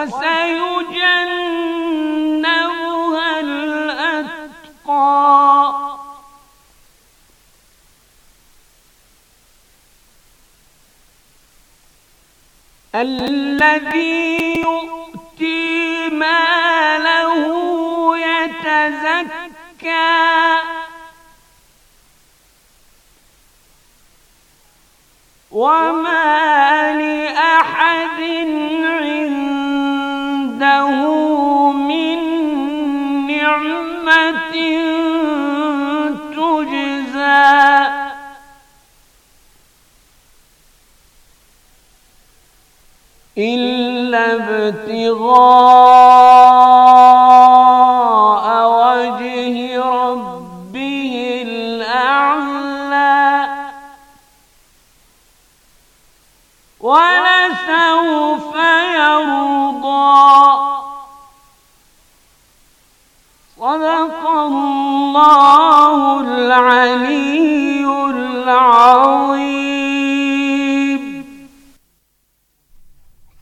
وسيجنبها الأتقى الذي يؤتي ماله يتزكى وما لأحد إلا ابتغاء وجه ربه الأعلى ولسوف يرضى صدق الله العلي العظيم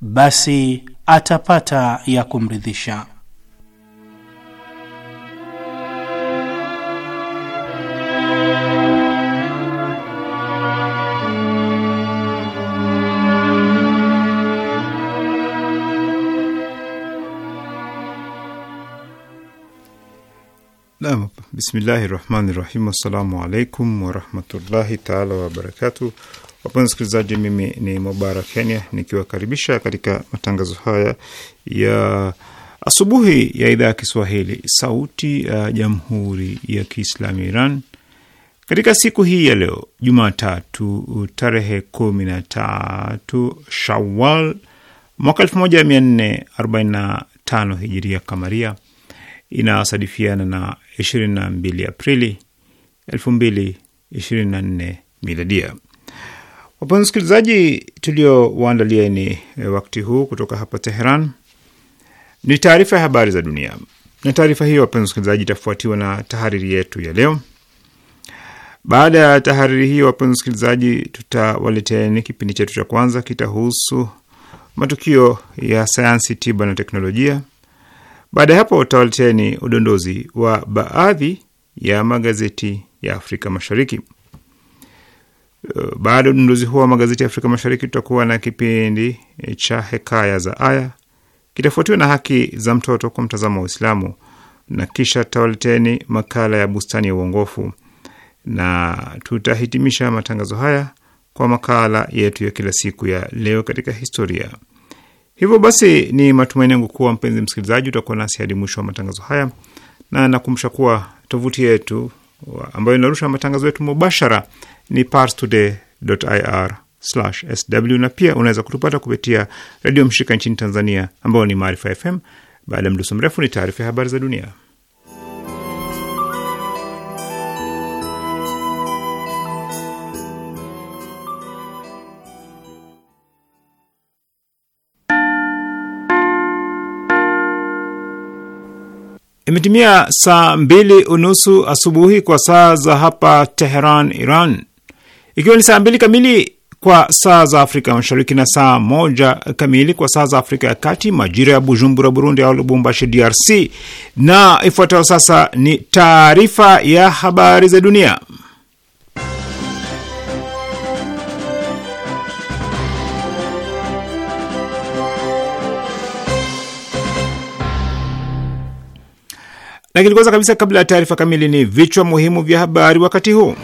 basi atapata ya kumridhisha. Nam, bismillahi rahmani rahim. Assalamu alaikum warahmatullahi taala wabarakatuh. Wapenzi wasikilizaji, mimi ni Mubarak Kenya nikiwakaribisha katika matangazo haya ya asubuhi ya idhaa ya Kiswahili sauti ya jamhuri ya Kiislamu Iran katika siku hii ya leo Jumatatu tarehe kumi na tatu Shawal mwaka elfu moja mia nne arobaini na tano hijiria kamaria inasadifiana na ishirini na mbili Aprili elfu mbili ishirini na nne miladia. Wapenzi wasikilizaji, tuliowaandalia ni eh, wakati huu kutoka hapa Teheran ni taarifa ya habari za dunia, na taarifa hiyo wapenzi wasikilizaji, itafuatiwa na tahariri yetu ya leo. Baada ya tahariri hiyo, wapenzi wasikilizaji, tutawaleteeni kipindi chetu cha kwanza, kitahusu matukio ya sayansi, tiba na teknolojia. Baada ya hapo, utawaleteni udondozi wa baadhi ya magazeti ya Afrika Mashariki. Eh, baada ya udunduzi huo wa magazeti ya Afrika Mashariki, tutakuwa na kipindi eh, cha Hekaya za Aya, kitafuatiwa na Haki za Mtoto kwa mtazamo wa Uislamu, na kisha tawaleteni makala ya Bustani ya Uongofu, na tutahitimisha matangazo haya kwa makala yetu ya kila siku ya Leo katika Historia. Hivyo basi, ni matumaini yangu kuwa mpenzi msikilizaji utakuwa nasi hadi mwisho wa matangazo haya, na nakumbusha kuwa tovuti yetu ambayo inarusha matangazo yetu mubashara ni parstoday.ir/sw, na pia unaweza kutupata kupitia redio mshirika nchini Tanzania ambayo ni Maarifa FM. Baada ya mduso mrefu, ni taarifa ya habari za dunia. Imetimia saa mbili unusu asubuhi kwa saa za hapa Teheran, Iran, ikiwa ni saa mbili kamili kwa saa za Afrika Mashariki na saa moja kamili kwa saa za Afrika ya Kati, majira ya Bujumbura, Burundi au Lubumbashi, DRC. Na ifuatayo sasa ni taarifa ya habari za dunia, lakini kwanza kabisa, kabla ya taarifa kamili, ni vichwa muhimu vya habari wakati huu.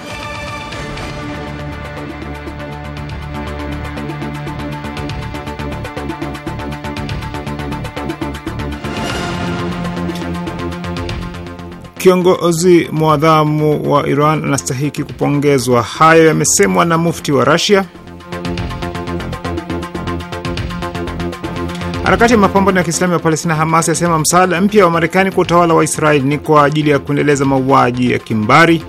Kiongozi mwadhamu wa Iran anastahiki kupongezwa. Hayo yamesemwa na mufti wa Rasia. Harakati ya mapambano ya Kiislamu ya Palestina Hamas yasema msaada mpya wa Marekani kwa utawala wa Israeli ni kwa ajili ya kuendeleza mauaji ya kimbari.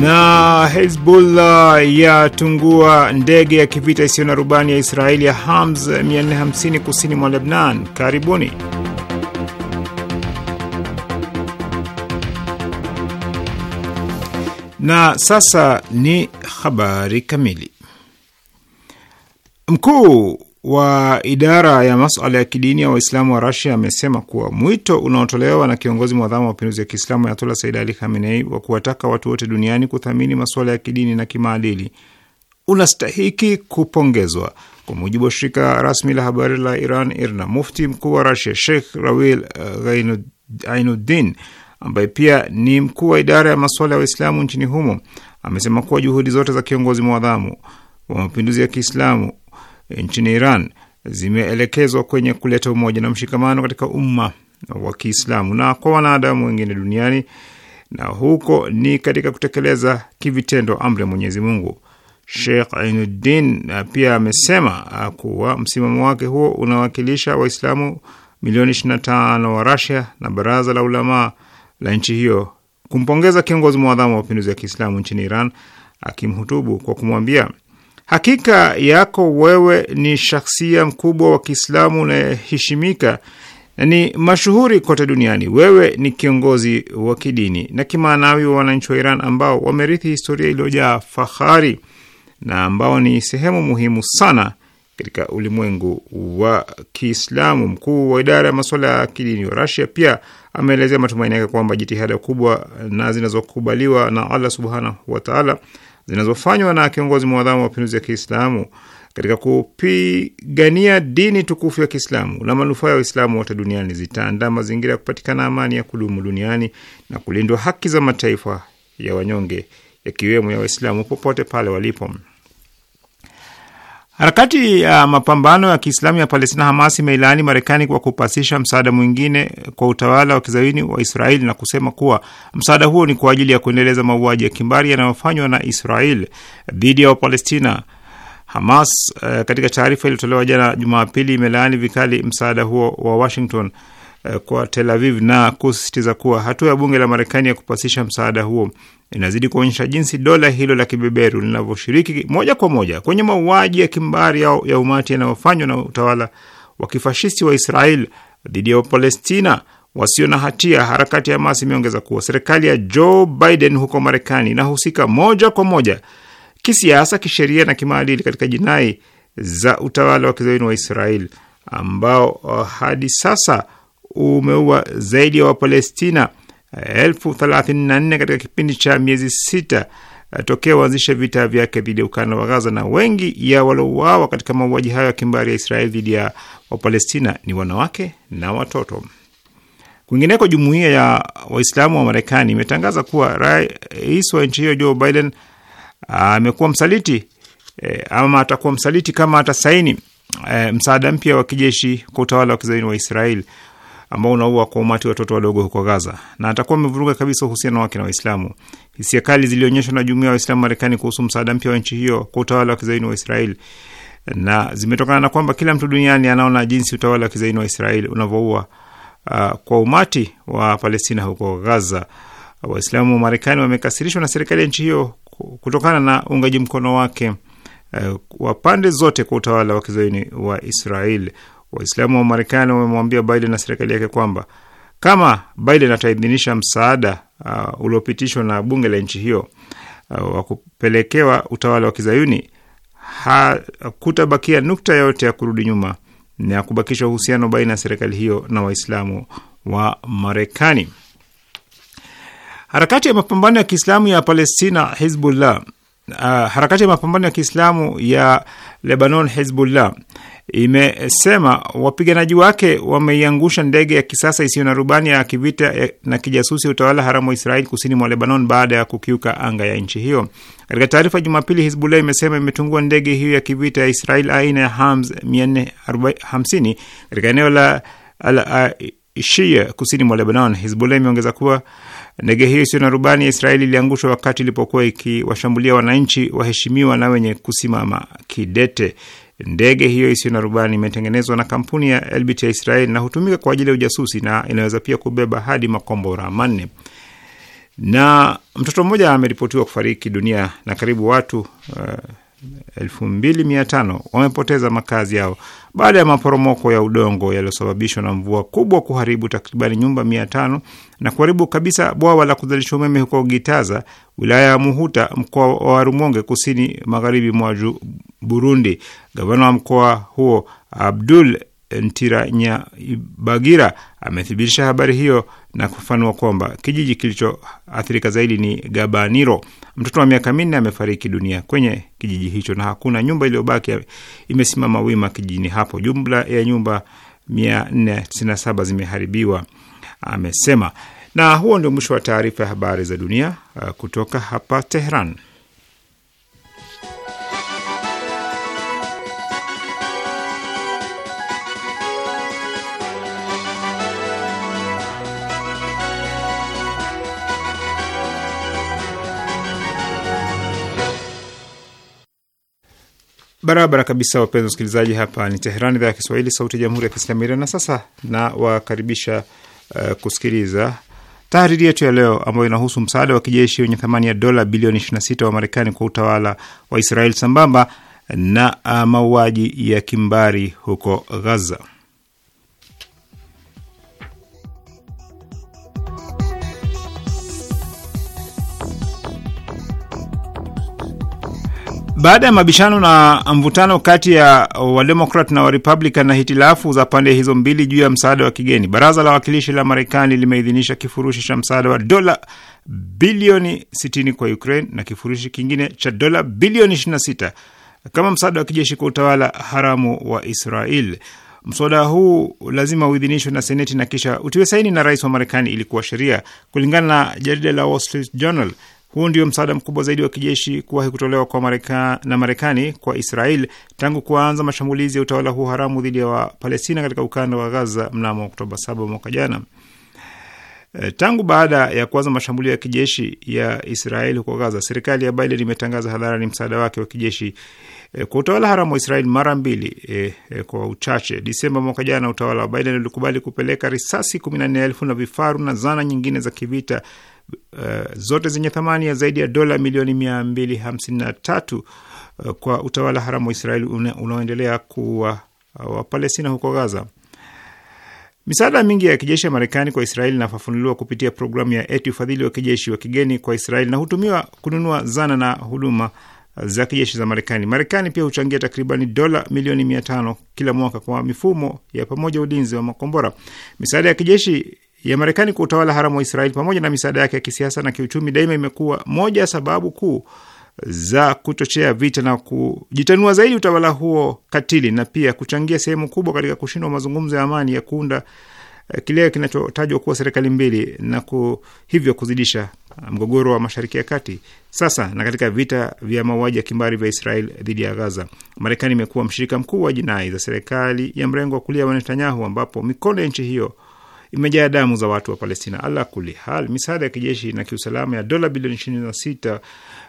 Na Hezbollah yatungua ndege ya kivita isiyo na rubani ya Israeli ya Hams 450 kusini mwa Lebnan. Karibuni. Na sasa ni habari kamili. Mkuu wa idara ya masuala ya kidini ya Waislamu wa Rasia amesema kuwa mwito unaotolewa na kiongozi mwadhamu wa mapinduzi ya Kiislamu Ayatullah Said Ali Khamenei wa kuwataka watu wote duniani kuthamini masuala ya kidini na kimaadili unastahiki kupongezwa. Kwa mujibu wa shirika rasmi la habari la Iran IRNA, mufti mkuu wa Rasia Sheikh Rawil uh, Ainuddin ambaye pia ni mkuu wa idara ya masuala ya Waislamu nchini humo amesema kuwa juhudi zote za kiongozi mwadhamu wa mapinduzi ya Kiislamu nchini Iran zimeelekezwa kwenye kuleta umoja na mshikamano katika umma wa Kiislamu na kwa wanadamu wengine duniani, na huko ni katika kutekeleza kivitendo amri ya Mwenyezi Mungu. Sheikh Ainuddin pia amesema kuwa msimamo wake huo unawakilisha Waislamu milioni 25 wa Rasia na baraza la ulamaa la nchi hiyo kumpongeza kiongozi mwadhamu wa mapinduzi ya Kiislamu nchini Iran akimhutubu kwa kumwambia Hakika yako wewe ni shakhsia mkubwa wa Kiislamu unayeheshimika na ni mashuhuri kote duniani. Wewe ni kiongozi wa kidini na kimaanawi wa wananchi wa Iran ambao wamerithi historia iliyojaa fahari na ambao ni sehemu muhimu sana katika ulimwengu wa Kiislamu. Mkuu wa idara ya masuala ya kidini wa Rasia pia ameelezea matumaini yake kwamba jitihada kubwa na zinazokubaliwa na Allah subhanahu wataala zinazofanywa na kiongozi mwadhamu wa mapinduzi ya Kiislamu katika kupigania dini tukufu ya Kiislamu na manufaa ya Waislamu wote duniani zitaandaa mazingira ya kupatikana amani ya kudumu duniani na kulindwa haki za mataifa ya wanyonge yakiwemo ya Waislamu popote pale walipo. Harakati ya mapambano ya Kiislamu ya Palestina Hamas imeilaani Marekani kwa kupasisha msaada mwingine kwa utawala wa kizawini wa Israeli na kusema kuwa msaada huo ni kwa ajili ya kuendeleza mauaji ya kimbari yanayofanywa na israel dhidi ya Wapalestina. Hamas uh, katika taarifa iliyotolewa jana Jumapili imelaani vikali msaada huo wa Washington Eh, kwa Tel Aviv na kusisitiza kuwa hatua ya bunge la Marekani ya kupasisha msaada huo inazidi kuonyesha jinsi dola hilo la kibeberu linavyoshiriki moja kwa moja kwenye mauaji ya kimbari ya, ya umati yanayofanywa na utawala wa kifashisti wa Israel dhidi ya Wapalestina wasio na hatia. Harakati ya Hamas imeongeza kuwa serikali ya Joe Biden huko Marekani inahusika moja kwa moja kisiasa, kisheria na kimaadili katika jinai za utawala wa kizayuni wa Israel ambao uh, hadi sasa umeua zaidi ya Wapalestina eh, elfu thelathini na nne katika kipindi cha miezi sita eh, tokea waanzishe vita vyake dhidi ya ukanda wa Gaza, na wengi ya waliouawa katika mauaji hayo ya kimbari ya Israeli dhidi ya Wapalestina ni wanawake na watoto. Kwingineko, jumuiya ya Waislamu wa Marekani imetangaza kuwa rais wa nchi hiyo Joe Biden eh, amekuwa msaliti e, ama atakuwa msaliti kama atasaini e, msaada mpya wa kijeshi kwa utawala wa kizaini wa Israeli ambao unaua kwa umati watoto wadogo huko Gaza, na atakuwa amevuruga kabisa uhusiano wake na Waislamu. Hisia kali zilionyeshwa na jumuiya ya Waislamu Marekani kuhusu msaada mpya wa nchi hiyo kwa utawala wa kizaini wa Israeli, na zimetokana na kwamba kila mtu duniani anaona jinsi utawala wa kizaini wa Israeli unavyoua uh, kwa umati wa Palestina huko Gaza. Waislamu wa Marekani wamekasirishwa na serikali ya nchi hiyo kutokana na uungaji mkono wake uh, wa pande zote kwa utawala wa kizaini wa Israeli. Waislamu wa Marekani wamemwambia Biden na serikali yake kwamba kama Biden ataidhinisha msaada uh, uliopitishwa na bunge la nchi hiyo uh, wa kupelekewa utawala wa kizayuni hakutabakia nukta yote ya kurudi nyuma na kubakisha uhusiano baina ya serikali hiyo na Waislamu wa Marekani. Harakati ya mapambano ya Kiislamu ya Palestina Hizbullah uh, harakati ya mapambano ya Kiislamu ya Lebanon Hezbollah imesema wapiganaji wake wameiangusha ndege ya kisasa isiyo na rubani ya kivita eh, na kijasusi ya utawala haramu wa Israeli kusini mwa Lebanon baada ya kukiuka anga ya nchi hiyo. Katika taarifa Jumapili, Hizbullah imesema imetungua ndege hiyo ya kivita ya Israeli aina ya Hams 450 katika eneo la Al Ashia kusini mwa Lebanon. Hizbullah imeongeza kuwa Ndege hiyo isiyo na rubani ya Israeli iliangushwa wakati ilipokuwa ikiwashambulia wananchi waheshimiwa na wenye kusimama kidete. Ndege hiyo isiyo na rubani imetengenezwa na kampuni ya Elbit ya Israeli na hutumika kwa ajili ya ujasusi na inaweza pia kubeba hadi makombora manne. Na mtoto mmoja ameripotiwa kufariki dunia na karibu watu uh, 2500 wamepoteza makazi yao baada ya maporomoko ya udongo yaliyosababishwa na mvua kubwa kuharibu takribani nyumba 500 na kuharibu kabisa bwawa la kuzalisha umeme huko Gitaza, wilaya ya Muhuta, mkoa wa Rumonge, kusini magharibi mwa Burundi. Gavana wa mkoa huo Abdul Ntiranyabagira amethibitisha habari hiyo na kufanua kwamba kijiji kilichoathirika zaidi ni Gabaniro Mtoto wa miaka minne amefariki dunia kwenye kijiji hicho na hakuna nyumba iliyobaki imesimama wima kijijini hapo. Jumla ya nyumba 497 zimeharibiwa, amesema. Na huo ndio mwisho wa taarifa ya habari za dunia uh, kutoka hapa Tehran. Barabara kabisa, wapenzi wasikilizaji, hapa ni Teheran, idhaa ya Kiswahili, sauti ya jamhuri ya kiislamu Iran. Na sasa nawakaribisha uh, kusikiliza tahariri yetu ya leo ambayo inahusu msaada wa kijeshi wenye thamani ya dola bilioni 26 wa Marekani kwa utawala wa Israeli sambamba na uh, mauaji ya kimbari huko Gaza. Baada ya mabishano na mvutano kati ya Wademokrat na Warepublican na hitilafu za pande hizo mbili juu ya msaada wa kigeni, baraza la wakilishi la Marekani limeidhinisha kifurushi cha msaada wa dola bilioni 60 kwa Ukraine na kifurushi kingine cha dola bilioni 26 kama msaada wa kijeshi kwa utawala haramu wa Israel. Mswada huu lazima uidhinishwe na Seneti na kisha utiwe saini na rais wa Marekani ili kuwa sheria, kulingana na jarida la Wall Street Journal. Huu ndio msaada mkubwa zaidi wa kijeshi kuwahi kutolewa kwa Mareka, na Marekani kwa Israel tangu kuanza mashambulizi ya utawala huu haramu dhidi ya Wapalestina katika ukanda wa Gaza mnamo Oktoba 7 mwaka jana. E, tangu baada ya kuanza mashambulio ya kijeshi ya israel huko Gaza, serikali ya Biden imetangaza hadharani msaada wake wa kijeshi Eh, kwa utawala haramu wa Israel mara mbili e, e, kwa uchache. disemba mwaka jana utawala wa Biden ulikubali kupeleka risasi kumi na nne elfu na vifaru na zana nyingine za kivita uh, zote zenye thamani ya zaidi ya dola milioni mia mbili hamsini na tatu uh, kwa utawala haramu wa Israeli unaoendelea kuwa uh, Wapalestina huko Gaza. Misaada mingi ya kijeshi ya Marekani kwa Israeli inafafanuliwa kupitia programu ya eti ufadhili wa kijeshi wa kigeni kwa Israeli na hutumiwa kununua zana na huduma za kijeshi za Marekani. Marekani pia huchangia takribani dola milioni mia tano kila mwaka kwa mifumo ya pamoja ulinzi wa makombora. Misaada ya kijeshi ya Marekani kwa utawala haramu wa Israeli pamoja na misaada yake ya kisiasa na kiuchumi daima imekuwa moja ya sababu kuu za kuchochea vita na kujitanua zaidi utawala huo katili na pia kuchangia sehemu kubwa katika kushindwa mazungumzo ya amani ya kuunda eh, kile kinachotajwa kuwa serikali mbili na ku, hivyo kuzidisha Uh, mgogoro wa Mashariki ya Kati. Sasa na katika vita vya mauaji ya kimbari vya Israel dhidi ya Gaza, Marekani imekuwa mshirika mkuu wa jinai za serikali ya mrengo wa kulia wa Netanyahu, ambapo mikono ya nchi hiyo imejaa damu za watu wa Palestina. Ala kuli hal, misaada ya kijeshi na kiusalama ya dola bilioni 26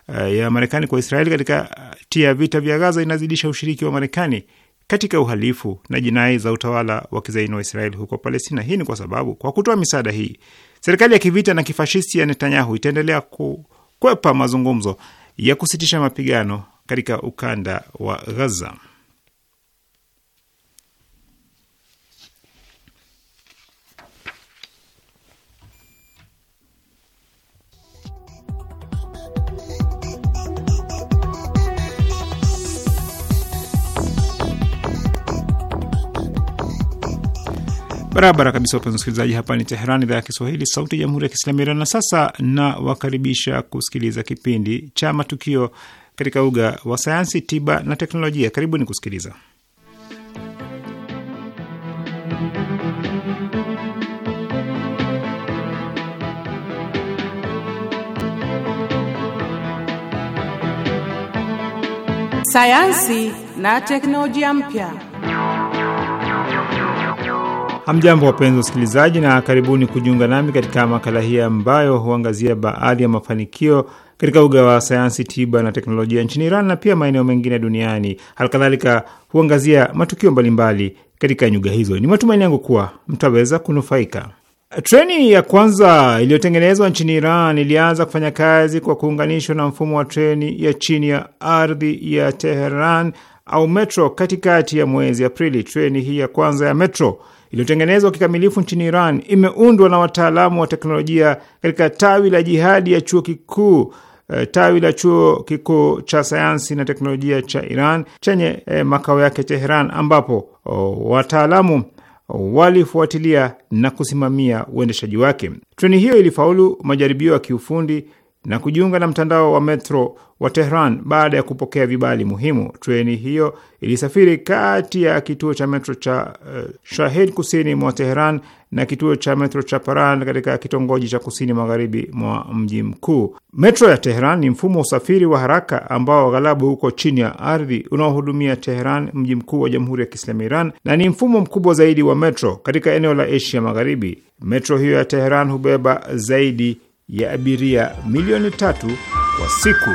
uh, ya Marekani kwa Israeli katika uh, tia vita vya Gaza inazidisha ushiriki wa Marekani katika uhalifu na jinai za utawala wa kizaini wa Israeli huko Palestina. Hii ni kwa sababu kwa kutoa misaada hii Serikali ya kivita na kifashisti ya Netanyahu itaendelea kukwepa mazungumzo ya kusitisha mapigano katika ukanda wa Gaza. Barabara kabisa, wapenzi wasikilizaji, hapa ni Teheran, idhaa ya Kiswahili, sauti ya jamhuri ya kiislamu Iran. Na sasa nawakaribisha kusikiliza kipindi cha matukio katika uga wa sayansi, tiba na teknolojia. Karibuni kusikiliza. Sayansi na teknolojia mpya. Hamjambo, wapenzi wasikilizaji, na karibuni kujiunga nami katika makala hii ambayo huangazia baadhi ya mafanikio katika uga wa sayansi tiba na teknolojia nchini Iran na pia maeneo mengine duniani. Halikadhalika huangazia matukio mbalimbali katika nyuga hizo. Ni matumaini yangu kuwa mtaweza kunufaika. Treni ya kwanza iliyotengenezwa nchini Iran ilianza kufanya kazi kwa kuunganishwa na mfumo wa treni ya chini ya ardhi ya Teheran au metro katikati ya mwezi Aprili. Treni hii ya kwanza ya metro iliyotengenezwa kikamilifu nchini Iran imeundwa na wataalamu wa teknolojia katika tawi la jihadi ya chuo kikuu eh, tawi la chuo kikuu cha sayansi na teknolojia cha Iran chenye eh, makao yake Teheran, ambapo oh, wataalamu walifuatilia na kusimamia uendeshaji wake. Treni hiyo ilifaulu majaribio ya kiufundi na kujiunga na mtandao wa metro wa Tehran baada ya kupokea vibali muhimu. Treni hiyo ilisafiri kati ya kituo cha metro cha uh, eh, Shahid kusini mwa Tehran na kituo cha metro cha Paran katika kitongoji cha kusini magharibi mwa mji mkuu. Metro ya Tehran ni mfumo wa usafiri wa haraka ambao aghalabu huko chini ya ardhi unaohudumia Tehran, mji mkuu wa Jamhuri ya Kiislamu Iran, na ni mfumo mkubwa zaidi wa metro katika eneo la Asia Magharibi. Metro hiyo ya Tehran hubeba zaidi ya abiria milioni tatu kwa siku.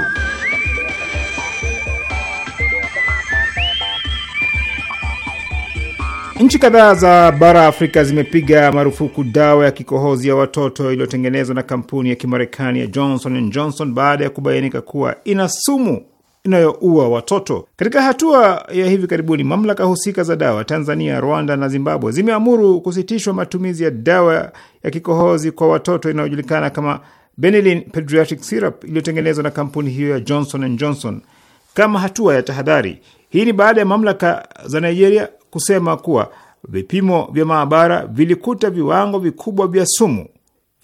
Nchi kadhaa za bara Afrika zimepiga marufuku dawa ya kikohozi ya watoto iliyotengenezwa na kampuni ya Kimarekani ya Johnson and Johnson baada ya kubainika kuwa ina sumu inayoua watoto. Katika hatua ya hivi karibuni, mamlaka husika za dawa Tanzania, Rwanda na Zimbabwe zimeamuru kusitishwa matumizi ya dawa ya kikohozi kwa watoto inayojulikana kama Benylin Pediatric Syrup iliyotengenezwa na kampuni hiyo ya Johnson and Johnson kama hatua ya tahadhari. Hii ni baada ya mamlaka za Nigeria kusema kuwa vipimo vya maabara vilikuta viwango vikubwa vya sumu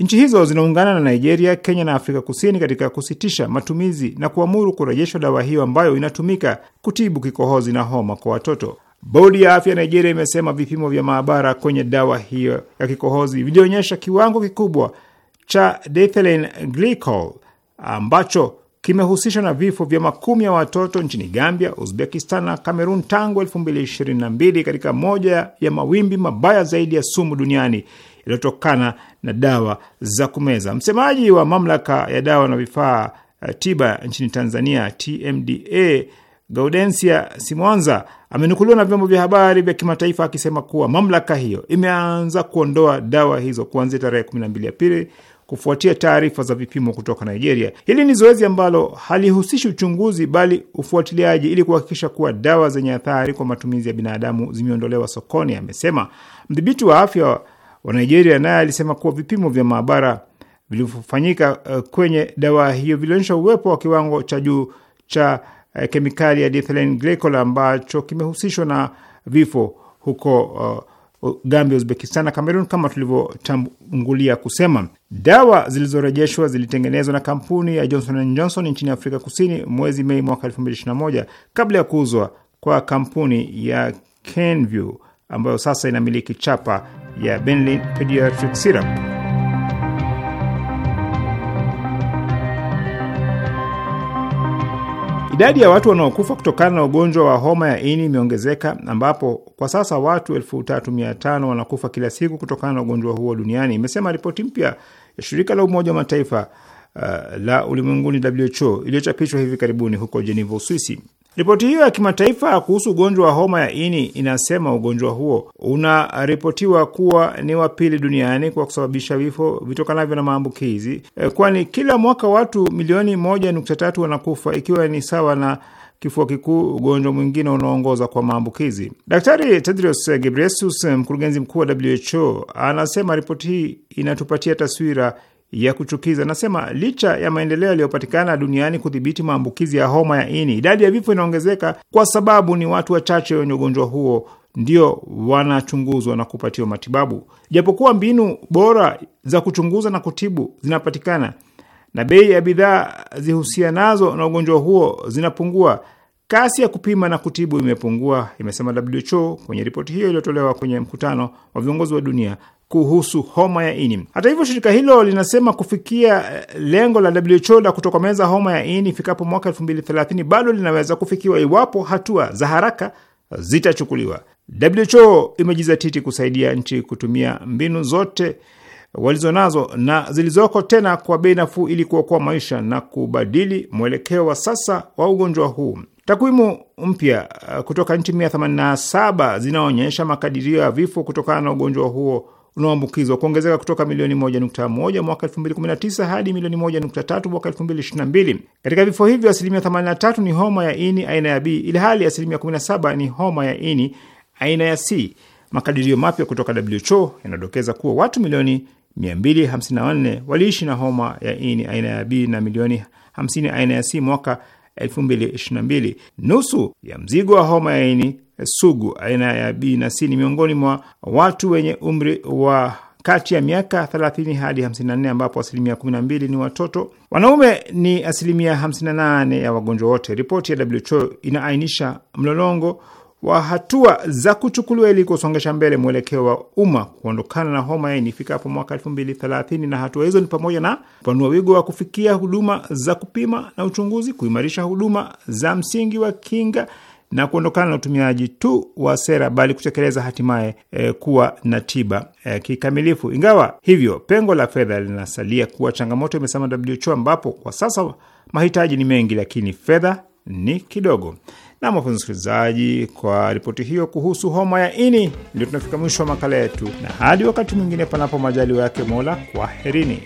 Nchi hizo zinaungana na Nigeria, Kenya na Afrika Kusini katika kusitisha matumizi na kuamuru kurejeshwa dawa hiyo ambayo inatumika kutibu kikohozi na homa kwa watoto. Bodi ya afya ya Nigeria imesema vipimo vya maabara kwenye dawa hiyo ya kikohozi vilionyesha kiwango kikubwa cha diethylene glycol ambacho kimehusishwa na vifo vya makumi ya watoto nchini Gambia, Uzbekistan na Kamerun tangu 2022 katika moja ya mawimbi mabaya zaidi ya sumu duniani iliyotokana na dawa za kumeza. Msemaji wa mamlaka ya dawa na vifaa eh, tiba nchini Tanzania, TMDA, Gaudensia Simwanza amenukuliwa na vyombo vya habari vya kimataifa akisema kuwa mamlaka hiyo imeanza kuondoa dawa hizo kuanzia tarehe 12 Aprili kufuatia taarifa za vipimo kutoka Nigeria. Hili ni zoezi ambalo halihusishi uchunguzi bali ufuatiliaji ili kuhakikisha kuwa dawa zenye athari kwa matumizi ya binadamu zimeondolewa sokoni, amesema. Mdhibiti wa afya wa Nigeria naye alisema kuwa vipimo vya maabara vilivyofanyika eh, kwenye dawa hiyo vilionyesha uwepo wa kiwango cha juu cha eh, kemikali ya diethylene glycol ambacho kimehusishwa na vifo huko uh, Gambia, Uzbekistan na Kamerun. Kama tulivyotangulia kusema, dawa zilizorejeshwa zilitengenezwa na kampuni ya Johnson and Johnson nchini Afrika Kusini mwezi Mei mwaka 2021 kabla ya kuuzwa kwa kampuni ya Kenview ambayo sasa inamiliki chapa ya Benlin Pediatric Syrup. Idadi ya watu wanaokufa kutokana na ugonjwa wa homa ya ini imeongezeka ambapo kwa sasa watu 3500 wanakufa kila siku kutokana na ugonjwa huo duniani, imesema ripoti mpya ya shirika la Umoja wa Mataifa uh, la ulimwenguni WHO iliyochapishwa hivi karibuni huko Jeneva, Uswisi. Ripoti hiyo ya kimataifa kuhusu ugonjwa wa homa ya ini inasema ugonjwa huo unaripotiwa kuwa ni wa pili duniani kwa kusababisha vifo vitokanavyo na maambukizi, eh, kwani kila mwaka watu milioni moja nukta tatu wanakufa ikiwa ni sawa na kifua kikuu, ugonjwa mwingine unaoongoza kwa maambukizi. Daktari Tedros Ghebreyesus, mkurugenzi mkuu wa WHO, anasema ripoti hii inatupatia taswira ya kuchukiza nasema, licha ya maendeleo yaliyopatikana duniani kudhibiti maambukizi ya homa ya ini, idadi ya vifo inaongezeka kwa sababu ni watu wachache wenye ugonjwa huo ndio wanachunguzwa na kupatiwa matibabu. Japokuwa mbinu bora za kuchunguza na kutibu zinapatikana na bei ya bidhaa zihusianazo na ugonjwa huo zinapungua, kasi ya kupima na kutibu imepungua, imesema WHO kwenye ripoti hiyo iliyotolewa kwenye mkutano wa viongozi wa dunia kuhusu homa ya ini. Hata hivyo, shirika hilo linasema kufikia eh, lengo la WHO la kutokomeza homa ya ini ifikapo mwaka 2030 bado linaweza kufikiwa iwapo hatua za haraka zitachukuliwa. WHO imejizatiti kusaidia nchi kutumia mbinu zote walizonazo na zilizoko tena kwa bei nafuu ili kuokoa maisha na kubadili mwelekeo wa sasa wa ugonjwa huu. Takwimu mpya eh, kutoka nchi 187 zinaonyesha makadirio ya vifo kutokana na ugonjwa huo unaoambukizwa kuongezeka kutoka milioni 1.1 mwaka 2019 hadi milioni 1.3 mwaka 2022. Katika vifo hivyo asilimia 83 ni homa ya ini aina ya B ilhali asilimia 17 ni homa ya ini aina ya C. Makadirio mapya kutoka WHO yanadokeza kuwa watu milioni 254 waliishi na homa ya ini aina ya B na milioni 50 aina ya C mwaka 2022. Nusu ya mzigo wa homa ya ini sugu aina ya B na C ni miongoni mwa watu wenye umri wa kati ya miaka 30 hadi 54 ambapo asilimia 12 ni watoto. Wanaume ni asilimia 58 ya wagonjwa wote. Ripoti ya WHO inaainisha mlolongo wa hatua za kuchukuliwa ili kusongesha mbele mwelekeo wa umma kuondokana na homa ya ini ifikapo mwaka elfu mbili thelathini. Na hatua hizo ni pamoja na kupanua wigo wa kufikia huduma za kupima na uchunguzi, kuimarisha huduma za msingi wa kinga na kuondokana na utumiaji tu wa sera bali kutekeleza hatimaye e, kuwa na tiba e, kikamilifu. Ingawa hivyo, pengo la fedha linasalia kuwa changamoto, imesema WHO, ambapo kwa sasa mahitaji ni mengi lakini fedha ni kidogo. Na wapenzi msikilizaji, kwa ripoti hiyo kuhusu homa ya ini, ndio tunafika mwisho wa makala yetu, na hadi wakati mwingine, panapo majaliwa yake Mola, kwaherini.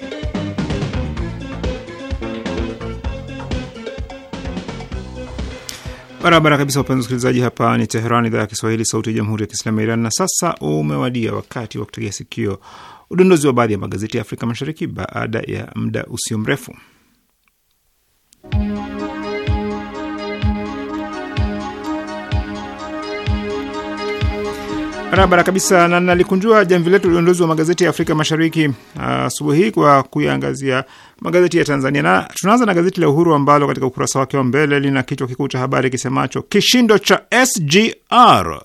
Barabara kabisa, wapenzi wasikilizaji, hapa ni Teheran, idhaa ya Kiswahili, sauti ya jamhuri ya kiislamu ya Iran. Na sasa umewadia wakati wa kutegea sikio udondozi wa baadhi ya magazeti ya Afrika Mashariki baada ya muda usio mrefu. Barabara kabisa, na nalikunjua jamvi letu udondozi wa magazeti ya Afrika Mashariki uh, asubuhi uh, hii kwa kuiangazia magazeti ya Tanzania, na tunaanza na gazeti la Uhuru ambalo katika ukurasa wake wa mbele lina kichwa kikuu cha habari kisemacho kishindo cha SGR.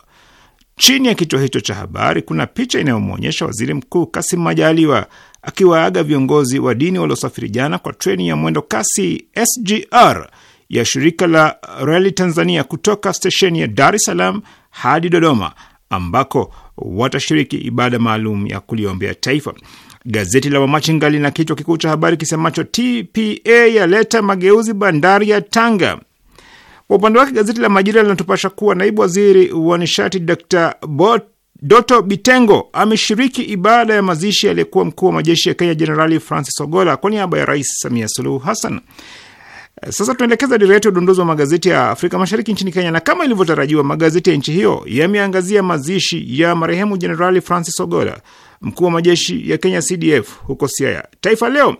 Chini ya kichwa hicho cha habari kuna picha inayomwonyesha Waziri Mkuu Kasim Majaliwa akiwaaga viongozi wa dini waliosafiri jana kwa treni ya mwendo kasi SGR ya shirika la reli Tanzania kutoka stesheni ya Dar es Salaam hadi Dodoma ambako watashiriki ibada maalum ya kuliombea taifa. Gazeti la Wamachinga lina kichwa kikuu cha habari kisemacho TPA yaleta mageuzi bandari ya Tanga. Kwa upande wake gazeti la Majira linatupasha kuwa naibu waziri wa nishati Dr Doto Bitengo ameshiriki ibada ya mazishi aliyekuwa mkuu wa majeshi ya Kenya Jenerali Francis Ogola kwa niaba ya Rais Samia Suluhu Hassan. Sasa tunaelekeza dira yetu ya udondozi wa magazeti ya Afrika Mashariki nchini Kenya, na kama ilivyotarajiwa magazeti ya nchi hiyo yameangazia mazishi ya marehemu Jenerali Francis Ogola, mkuu wa majeshi ya Kenya CDF huko Siaya. Taifa Leo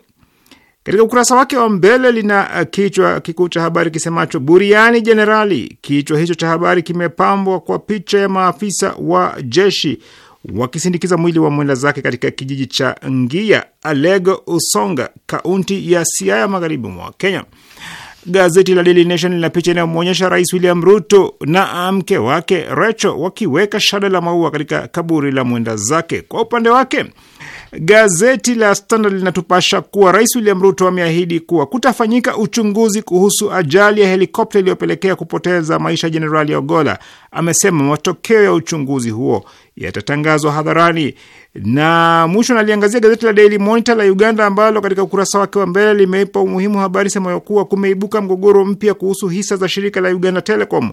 katika ukurasa wake wa mbele lina kichwa kikuu cha habari kisemacho buriani jenerali. Kichwa hicho cha habari kimepambwa kwa picha ya maafisa wa jeshi wakisindikiza mwili wa mwenda zake katika kijiji cha Ngia Alego Usonga, kaunti ya Siaya, magharibi mwa Kenya. Gazeti la Daily Nation lina picha inayomwonyesha Rais William Ruto na mke wake Rachel wakiweka shada la maua katika kaburi la mwenda zake. Kwa upande wake Gazeti la Standard linatupasha kuwa Rais William Ruto ameahidi kuwa kutafanyika uchunguzi kuhusu ajali ya helikopta iliyopelekea kupoteza maisha Jenerali Ogola. Amesema matokeo ya uchunguzi huo yatatangazwa hadharani. Na mwisho naliangazia gazeti la Daily Monitor la Uganda ambalo katika ukurasa wake wa mbele limeipa umuhimu habari semayo kuwa kumeibuka mgogoro mpya kuhusu hisa za shirika la Uganda Telecom.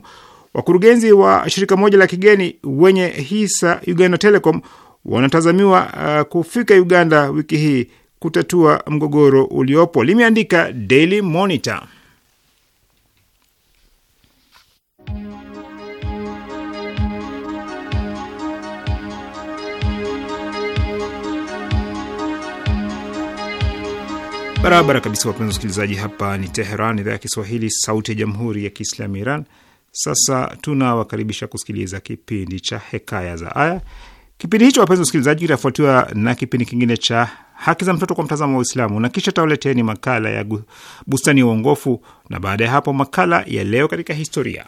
Wakurugenzi wa shirika moja la kigeni wenye hisa Uganda Telecom wanatazamiwa uh, kufika Uganda wiki hii kutatua mgogoro uliopo, limeandika Daily Monitor. Barabara kabisa, wapenzi wasikilizaji, hapa ni Teheran, idhaa ya Kiswahili, sauti ya jamhuri ya kiislamu Iran. Sasa tunawakaribisha kusikiliza kipindi cha Hekaya za Aya Kipindi hicho wapenzi wasikilizaji, kitafuatiwa na kipindi kingine cha haki za mtoto kwa mtazamo wa Uislamu, na kisha tawaleteni makala ya bustani ya uongofu, na baada ya hapo makala ya leo katika historia.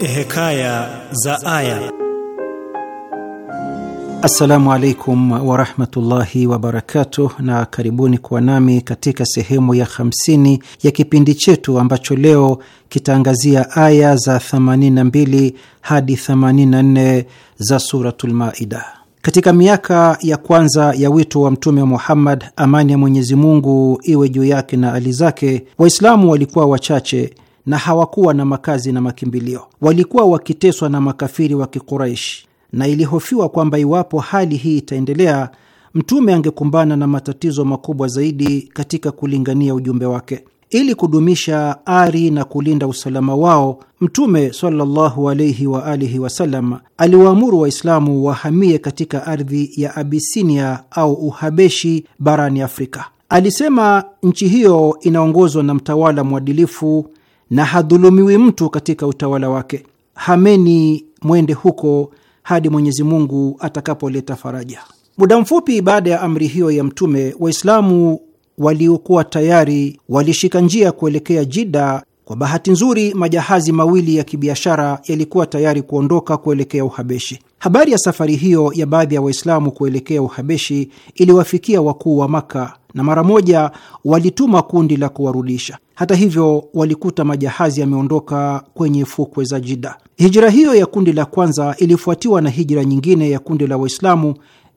Hekaya za Aya. Assalamu alaikum warahmatullahi wabarakatuh, na karibuni kuwa nami katika sehemu ya 50 ya kipindi chetu ambacho leo kitaangazia aya za 82 hadi 84 za Suratul Maida. Katika miaka ya kwanza ya wito wa Mtume Muhammad, amani ya Mwenyezi Mungu iwe juu yake na ali zake, Waislamu walikuwa wachache na hawakuwa na makazi na makimbilio. Walikuwa wakiteswa na makafiri wa Kikuraishi na ilihofiwa kwamba iwapo hali hii itaendelea, mtume angekumbana na matatizo makubwa zaidi katika kulingania ujumbe wake. Ili kudumisha ari na kulinda usalama wao, Mtume sallallahu alaihi wa alihi wasallam aliwaamuru Waislamu wahamie katika ardhi ya Abisinia au Uhabeshi barani Afrika. Alisema nchi hiyo inaongozwa na mtawala mwadilifu na hadhulumiwi mtu katika utawala wake. Hameni mwende huko hadi Mwenyezi Mungu atakapoleta faraja. Muda mfupi baada ya amri hiyo ya Mtume, Waislamu waliokuwa tayari walishika njia kuelekea Jida. Kwa bahati nzuri, majahazi mawili ya kibiashara yalikuwa tayari kuondoka kuelekea Uhabeshi. Habari ya safari hiyo ya baadhi ya Waislamu kuelekea Uhabeshi iliwafikia wakuu wa Maka na mara moja walituma kundi la kuwarudisha. Hata hivyo, walikuta majahazi yameondoka kwenye fukwe za Jida. Hijira hiyo ya kundi la kwanza ilifuatiwa na hijira nyingine ya kundi la Waislamu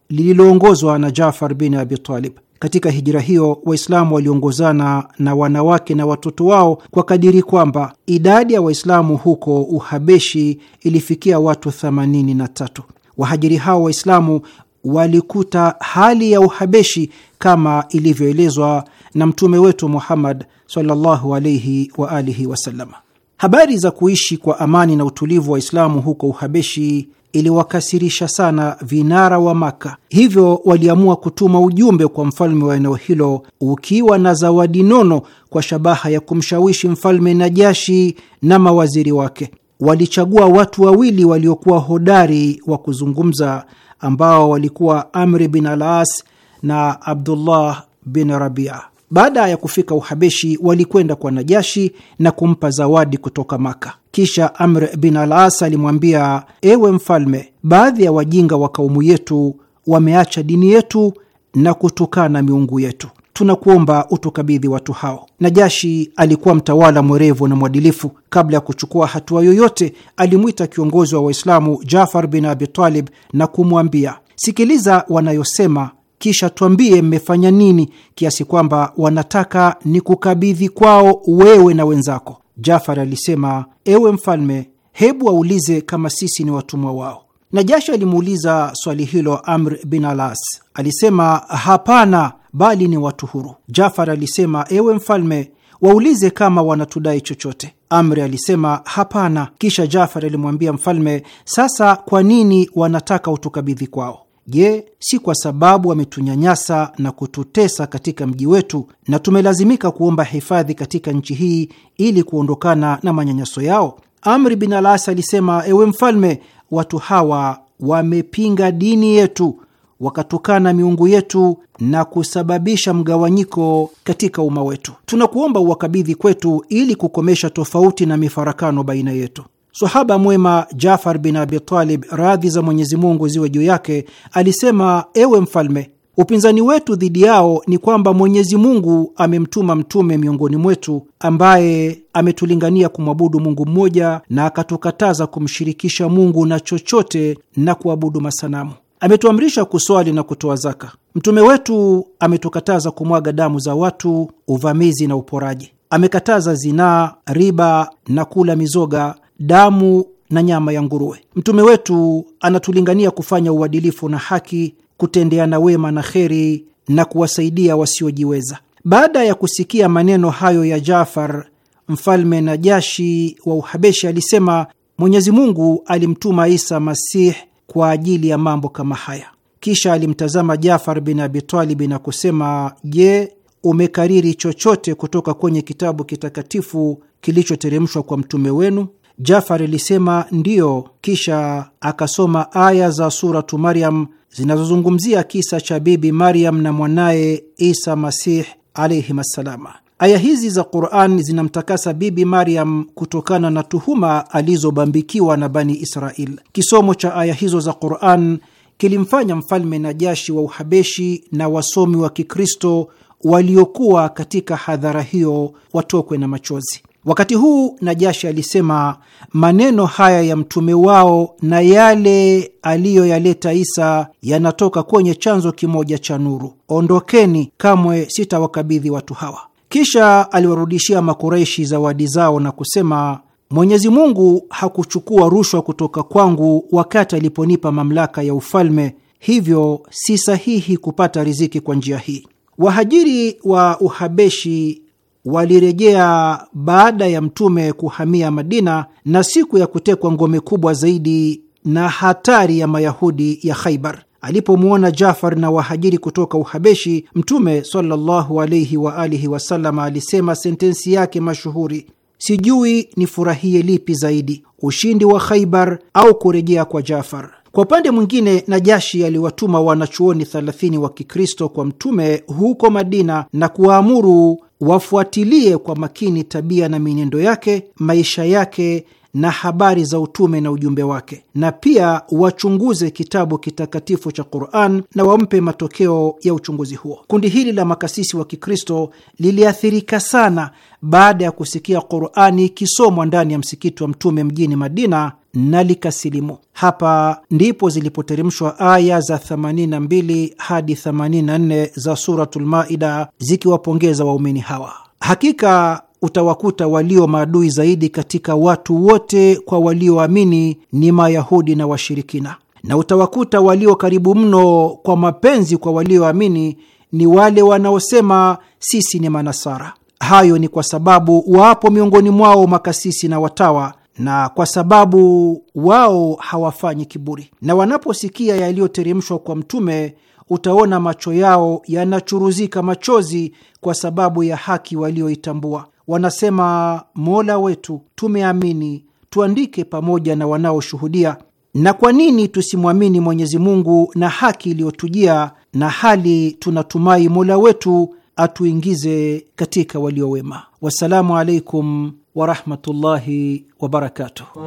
lililoongozwa na Jafar bin Abi Talib. Katika hijira hiyo Waislamu waliongozana na wanawake na watoto wao kwa kadiri kwamba idadi ya Waislamu huko Uhabeshi ilifikia watu 83. Wahajiri hao Waislamu walikuta hali ya Uhabeshi kama ilivyoelezwa na mtume wetu Muhammad sallallahu alaihi wa alihi wasallam. Habari za kuishi kwa amani na utulivu wa islamu huko Uhabeshi iliwakasirisha sana vinara wa Maka, hivyo waliamua kutuma ujumbe kwa mfalme wa eneo hilo ukiwa na zawadi nono kwa shabaha ya kumshawishi mfalme Najashi na mawaziri wake. Walichagua watu wawili waliokuwa hodari wa kuzungumza ambao walikuwa Amri bin Alas na Abdullah bin Rabia. Baada ya kufika Uhabeshi, walikwenda kwa Najashi na kumpa zawadi kutoka Maka. Kisha Amr bin al As alimwambia, ewe mfalme, baadhi ya wajinga wa kaumu yetu wameacha dini yetu na kutukana miungu yetu. Tunakuomba utukabidhi watu hao. Najashi alikuwa mtawala mwerevu na mwadilifu. Kabla ya kuchukua hatua yoyote, alimwita kiongozi wa Waislamu Jafar bin Abi Talib na kumwambia, sikiliza wanayosema kisha tuambie mmefanya nini, kiasi kwamba wanataka ni kukabidhi kwao wewe na wenzako. Jafar alisema, ewe mfalme, hebu waulize kama sisi ni watumwa wao. Najashi alimuuliza swali hilo Amr bin Alas. Alisema, hapana, bali ni watu huru. Jafar alisema, ewe mfalme, waulize kama wanatudai chochote. Amri alisema hapana. Kisha Jafar alimwambia mfalme, sasa kwa nini wanataka utukabidhi kwao? Je, si kwa sababu wametunyanyasa na kututesa katika mji wetu na tumelazimika kuomba hifadhi katika nchi hii ili kuondokana na manyanyaso yao? Amri bin Alas alisema, ewe mfalme, watu hawa wamepinga dini yetu, wakatukana miungu yetu na kusababisha mgawanyiko katika umma wetu. Tunakuomba uwakabidhi kwetu ili kukomesha tofauti na mifarakano baina yetu. Sahaba mwema Jafar bin Abi Talib, radhi za Mwenyezi Mungu ziwe juu yake, alisema: ewe mfalme, upinzani wetu dhidi yao ni kwamba Mwenyezi Mungu amemtuma mtume miongoni mwetu ambaye ametulingania kumwabudu Mungu mmoja na akatukataza kumshirikisha Mungu na chochote na kuabudu masanamu. Ametuamrisha kuswali na kutoa zaka. Mtume wetu ametukataza kumwaga damu za watu, uvamizi na uporaji. Amekataza zinaa, riba na kula mizoga damu na nyama ya nguruwe. Mtume wetu anatulingania kufanya uadilifu na haki, kutendeana wema na kheri na kuwasaidia wasiojiweza. Baada ya kusikia maneno hayo ya Jafar, mfalme Najashi wa Uhabeshi alisema Mwenyezi Mungu alimtuma Isa Masih kwa ajili ya mambo kama haya. Kisha alimtazama Jafar bin Abi na kusema, je, umekariri chochote kutoka kwenye kitabu kitakatifu kilichoteremshwa kwa mtume wenu? Jafar alisema ndiyo, kisha akasoma aya za Suratu Maryam zinazozungumzia kisa cha Bibi Maryam na mwanaye Isa Masih alaihim assalama. Aya hizi za Quran zinamtakasa Bibi Maryam kutokana na tuhuma alizobambikiwa na Bani Israel. Kisomo cha aya hizo za Quran kilimfanya mfalme Najashi wa Uhabeshi na wasomi wa Kikristo waliokuwa katika hadhara hiyo watokwe na machozi. Wakati huu Najashi alisema maneno haya ya mtume wao na yale aliyoyaleta Isa yanatoka kwenye chanzo kimoja cha nuru. Ondokeni, kamwe sitawakabidhi watu hawa. Kisha aliwarudishia Makureishi zawadi zao na kusema, Mwenyezi Mungu hakuchukua rushwa kutoka kwangu wakati aliponipa mamlaka ya ufalme, hivyo si sahihi kupata riziki kwa njia hii. Wahajiri wa Uhabeshi walirejea baada ya mtume kuhamia Madina na siku ya kutekwa ngome kubwa zaidi na hatari ya Mayahudi ya Khaibar. Alipomwona Jafar na wahajiri kutoka Uhabeshi, Mtume sallallahu alaihi wa alihi wasallam alisema sentensi yake mashuhuri, sijui nifurahie lipi zaidi, ushindi wa Khaibar au kurejea kwa Jafar. Kwa upande mwingine, Najashi aliwatuma wanachuoni 30 wa Kikristo kwa Mtume huko Madina na kuwaamuru wafuatilie kwa makini tabia na mienendo yake, maisha yake na habari za utume na ujumbe wake, na pia wachunguze kitabu kitakatifu cha Quran na wampe matokeo ya uchunguzi huo. Kundi hili la makasisi wa Kikristo liliathirika sana baada ya kusikia Qurani ikisomwa ndani ya msikiti wa Mtume mjini Madina na likasilimu. Hapa ndipo zilipoteremshwa aya za 82 hadi 84 za Suratul Maida zikiwapongeza waumini hawa. Hakika utawakuta walio maadui zaidi katika watu wote kwa walioamini ni Mayahudi na washirikina, na utawakuta walio karibu mno kwa mapenzi kwa walioamini ni wale wanaosema sisi ni Manasara. Hayo ni kwa sababu wapo miongoni mwao makasisi na watawa na kwa sababu wao hawafanyi kiburi, na wanaposikia yaliyoteremshwa kwa Mtume utaona macho yao yanachuruzika machozi kwa sababu ya haki walioitambua. Wanasema, Mola wetu, tumeamini, tuandike pamoja na wanaoshuhudia. Na kwa nini tusimwamini Mwenyezi Mungu na haki iliyotujia, na hali tunatumai Mola wetu atuingize katika waliowema. Wassalamu alaikum warahmatullahi wabarakatuh.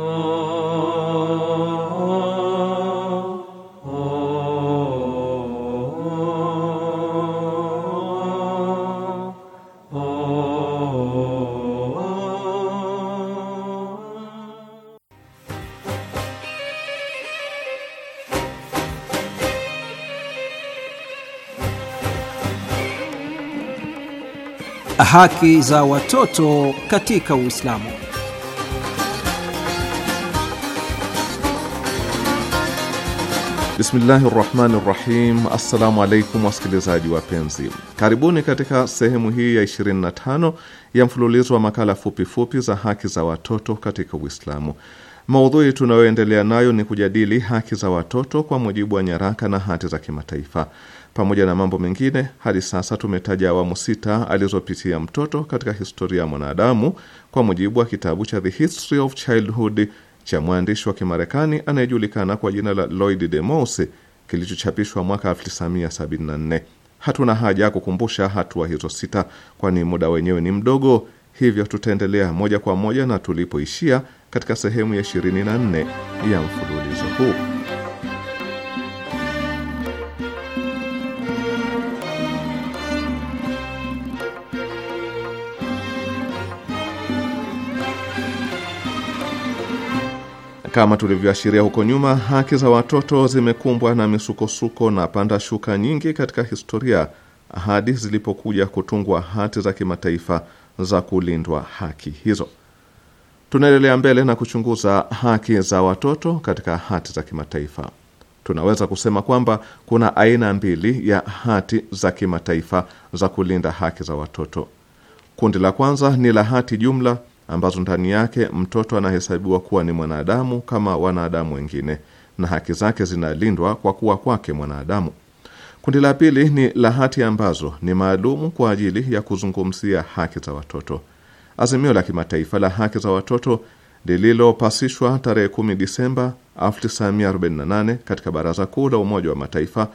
Haki za watoto katika Uislamu. Bismillahi rahmani rahim. Assalamu alaikum wasikilizaji wapenzi, karibuni katika sehemu hii ya 25 ya mfululizo wa makala fupifupi za haki za watoto katika Uislamu. Maudhui tunayoendelea nayo ni kujadili haki za watoto kwa mujibu wa nyaraka na hati za kimataifa. Pamoja na mambo mengine, hadi sasa tumetaja awamu sita alizopitia mtoto katika historia ya mwanadamu kwa mujibu wa kitabu cha The History of Childhood cha mwandishi wa Kimarekani anayejulikana kwa jina la Lloyd de Mose kilichochapishwa mwaka 1974. Hatuna haja ya kukumbusha hatua hizo sita, kwani muda wenyewe ni mdogo, hivyo tutaendelea moja kwa moja na tulipoishia katika sehemu ya 24 ya mfululizo huu. Kama tulivyoashiria huko nyuma, haki za watoto zimekumbwa na misukosuko na panda shuka nyingi katika historia hadi zilipokuja kutungwa hati za kimataifa za kulindwa haki hizo. Tunaendelea mbele na kuchunguza haki za watoto katika hati za kimataifa. Tunaweza kusema kwamba kuna aina mbili ya hati za kimataifa za kulinda haki za watoto. Kundi la kwanza ni la hati jumla ambazo ndani yake mtoto anahesabiwa kuwa ni mwanadamu kama wanadamu wengine na haki zake zinalindwa kwa kuwa kwake mwanadamu. Kundi la pili ni la hati ambazo ni maalumu kwa ajili ya kuzungumzia haki za watoto. Azimio la kimataifa la haki za watoto lililopasishwa tarehe 10 Disemba 1948 katika Baraza Kuu la Umoja wa Mataifa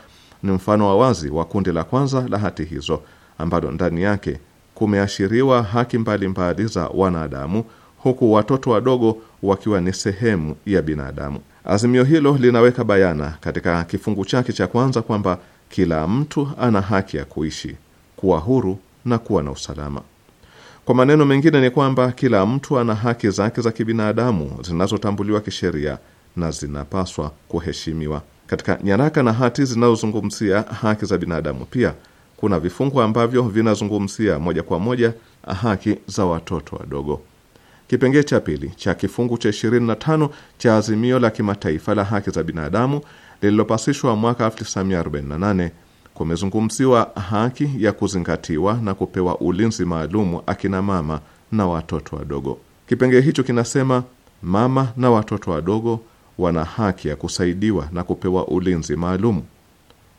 ni mfano wa wazi wa kundi la kwanza la hati hizo ambalo ndani yake kumeashiriwa haki mbalimbali mbali za wanadamu, huku watoto wadogo wakiwa ni sehemu ya binadamu. Azimio hilo linaweka bayana katika kifungu chake cha kwanza kwamba kila mtu ana haki ya kuishi, kuwa huru na kuwa na usalama. Kwa maneno mengine ni kwamba kila mtu ana haki zake za kibinadamu zinazotambuliwa kisheria na zinapaswa kuheshimiwa. Katika nyaraka na hati zinazozungumzia haki za binadamu pia kuna vifungu ambavyo vinazungumzia moja kwa moja haki za watoto wadogo. Kipengee cha pili cha kifungu cha 25 cha azimio la kimataifa la haki za binadamu lililopasishwa mwaka 1948 kumezungumziwa haki ya kuzingatiwa na kupewa ulinzi maalumu akina mama na watoto wadogo. Kipengee hicho kinasema, mama na watoto wadogo wana haki ya kusaidiwa na kupewa ulinzi maalumu.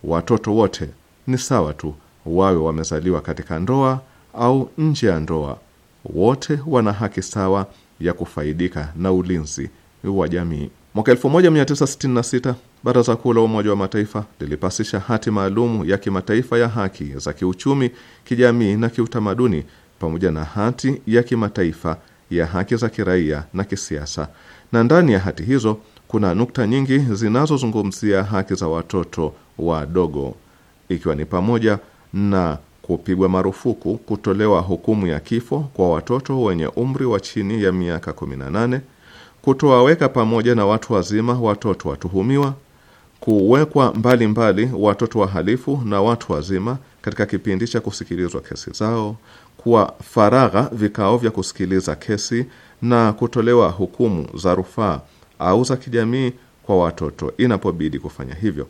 Watoto wote ni sawa tu wawe wamezaliwa katika ndoa au nje ya ndoa, wote wana haki sawa ya kufaidika na ulinzi wa jamii. Mwaka 1966 Baraza Kuu la Umoja wa Mataifa lilipasisha hati maalumu ya kimataifa ya haki za kiuchumi, kijamii na kiutamaduni pamoja na hati ya kimataifa ya haki za kiraia na kisiasa, na ndani ya hati hizo kuna nukta nyingi zinazozungumzia haki za watoto wadogo, ikiwa ni pamoja na kupigwa marufuku kutolewa hukumu ya kifo kwa watoto wenye umri wa chini ya miaka 18, kutowaweka pamoja na watu wazima watoto watuhumiwa, kuwekwa mbali mbali watoto wahalifu na watu wazima katika kipindi cha kusikilizwa kesi zao, kuwa faragha vikao vya kusikiliza kesi na kutolewa hukumu za rufaa au za kijamii kwa watoto inapobidi kufanya hivyo,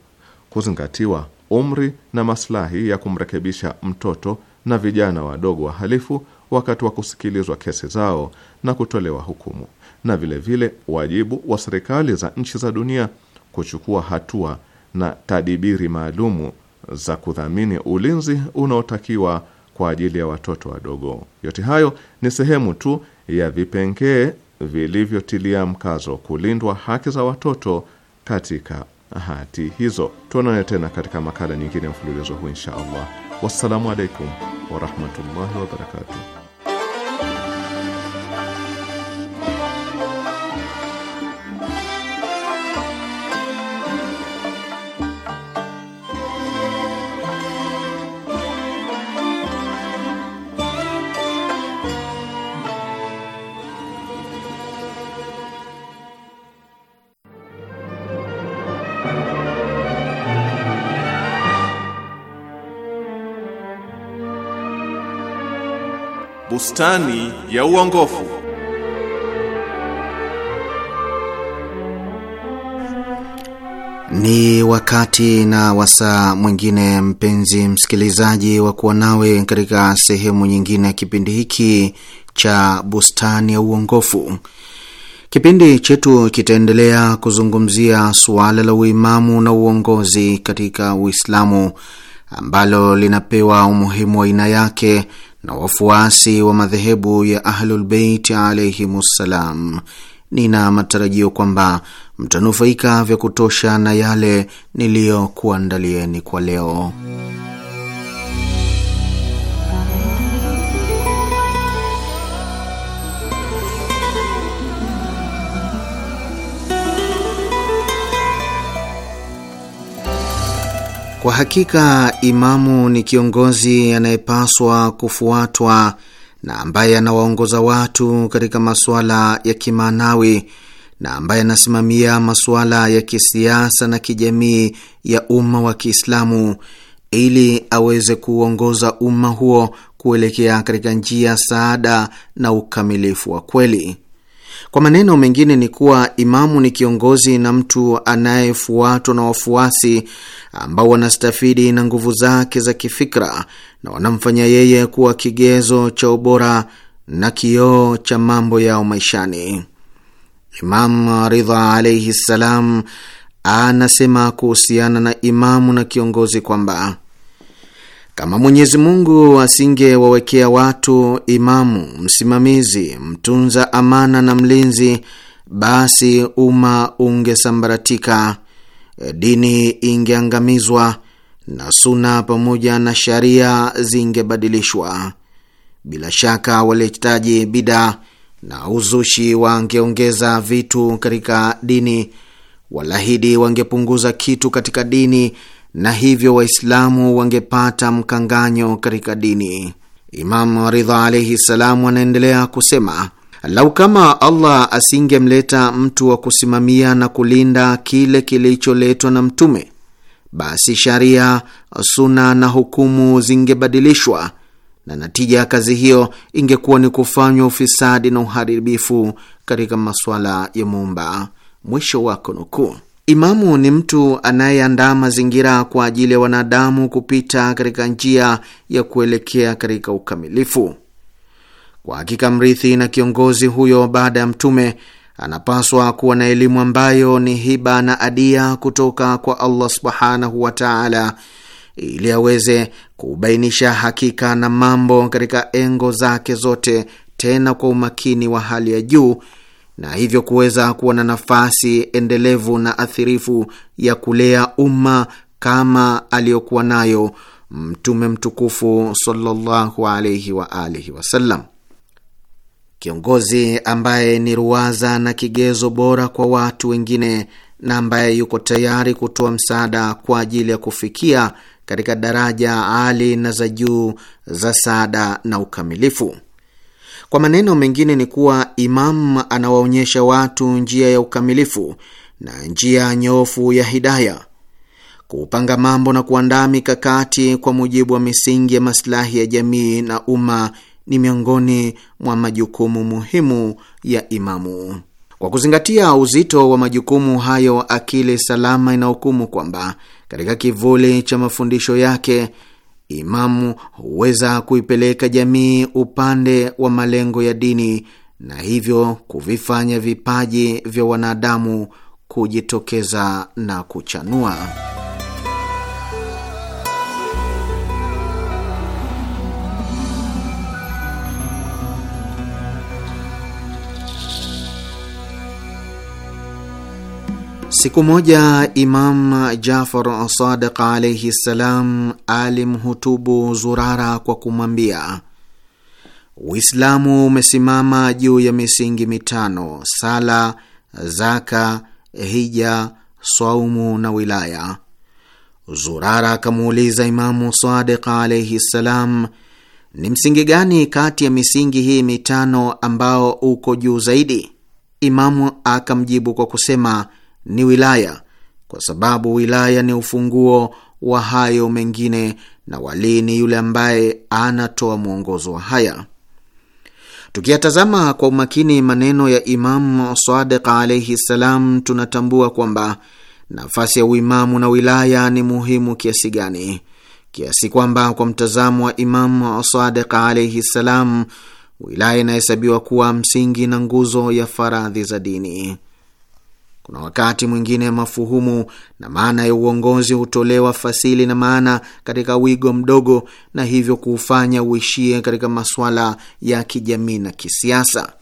kuzingatiwa umri na maslahi ya kumrekebisha mtoto na vijana wadogo wahalifu wakati wa kusikilizwa kesi zao na kutolewa hukumu, na vilevile vile wajibu wa serikali za nchi za dunia kuchukua hatua na tadibiri maalumu za kudhamini ulinzi unaotakiwa kwa ajili ya watoto wadogo. Yote hayo ni sehemu tu ya vipengee vilivyotilia mkazo kulindwa haki za watoto katika hati hizo. Tuonane tena katika makala nyingine ya mfululizo huu insha allah. Wassalamu alaikum warahmatullahi wabarakatuh. bustani ya uongofu. Ni wakati na wasaa mwingine, mpenzi msikilizaji, wa kuwa nawe katika sehemu nyingine ya kipindi hiki cha bustani ya uongofu. Kipindi chetu kitaendelea kuzungumzia suala la uimamu na uongozi katika Uislamu ambalo linapewa umuhimu wa aina yake na wafuasi wa madhehebu ya Ahlulbeiti ssalam, nina matarajio kwamba mtanufaika vya kutosha na yale niliyokuandalieni kwa leo. Kwa hakika imamu ni kiongozi anayepaswa kufuatwa na ambaye anawaongoza watu katika masuala ya kimaanawi na ambaye anasimamia masuala ya kisiasa na kijamii ya umma wa Kiislamu ili aweze kuuongoza umma huo kuelekea katika njia saada na ukamilifu wa kweli. Kwa maneno mengine ni kuwa imamu ni kiongozi na mtu anayefuatwa na wafuasi ambao wanastafidi na nguvu zake za kifikra na wanamfanya yeye kuwa kigezo cha ubora na kioo cha mambo yao maishani. Imamu Ridha alaihi ssalam anasema kuhusiana na imamu na kiongozi kwamba kama Mwenyezi Mungu asingewawekea watu imamu, msimamizi, mtunza amana na mlinzi, basi umma ungesambaratika, dini ingeangamizwa na suna pamoja na sharia zingebadilishwa. Bila shaka walihitaji bida na uzushi wangeongeza vitu katika dini, walahidi wangepunguza kitu katika dini na hivyo Waislamu wangepata mkanganyo katika dini. Imamu Ridha alaihi salamu anaendelea kusema, lau kama Allah asingemleta mtu wa kusimamia na kulinda kile kilicholetwa na Mtume, basi sharia, suna na hukumu zingebadilishwa na natija ya kazi hiyo ingekuwa ni kufanywa ufisadi na uharibifu katika masuala ya Muumba. Mwisho wako nukuu. Imamu ni mtu anayeandaa mazingira kwa ajili ya wanadamu kupita katika njia ya kuelekea katika ukamilifu. Kwa hakika mrithi na kiongozi huyo baada ya Mtume anapaswa kuwa na elimu ambayo ni hiba na adia kutoka kwa Allah subhanahu wa taala, ili aweze kubainisha hakika na mambo katika engo zake zote, tena kwa umakini wa hali ya juu na hivyo kuweza kuwa na nafasi endelevu na athirifu ya kulea umma kama aliyokuwa nayo Mtume mtukufu sallallahu alaihi wa alihi wasallam, kiongozi ambaye ni ruwaza na kigezo bora kwa watu wengine na ambaye yuko tayari kutoa msaada kwa ajili ya kufikia katika daraja ali na za juu za saada na ukamilifu. Kwa maneno mengine ni kuwa Imam anawaonyesha watu njia ya ukamilifu na njia nyofu ya hidaya, kupanga mambo na kuandaa mikakati kwa mujibu wa misingi ya masilahi ya jamii na umma ni miongoni mwa majukumu muhimu ya imamu. Kwa kuzingatia uzito wa majukumu hayo, akili salama inahukumu kwamba katika kivuli cha mafundisho yake Imamu huweza kuipeleka jamii upande wa malengo ya dini na hivyo kuvifanya vipaji vya wanadamu kujitokeza na kuchanua. Siku moja Imam Jafar Sadiq alaihi ssalam alimhutubu Zurara kwa kumwambia, Uislamu umesimama juu ya misingi mitano: sala, zaka, hija, saumu na wilaya. Zurara akamuuliza Imamu Sadiq alaihi ssalam, ni msingi gani kati ya misingi hii mitano ambao uko juu zaidi? Imamu akamjibu kwa kusema ni wilaya, kwa sababu wilaya ni ufunguo wa hayo mengine, na wali ni yule ambaye anatoa mwongozo wa haya. Tukiyatazama kwa umakini maneno ya Imamu Sadiq alaihi ssalam, tunatambua kwamba nafasi ya uimamu na wilaya ni muhimu kiasi gani, kiasi kwamba kwa mtazamo wa Imamu Sadiq alaihi ssalam, wilaya inahesabiwa kuwa msingi na nguzo ya faradhi za dini. Kuna wakati mwingine mafuhumu na maana ya uongozi hutolewa fasili na maana katika wigo mdogo, na hivyo kuufanya uishie katika masuala ya kijamii na kisiasa.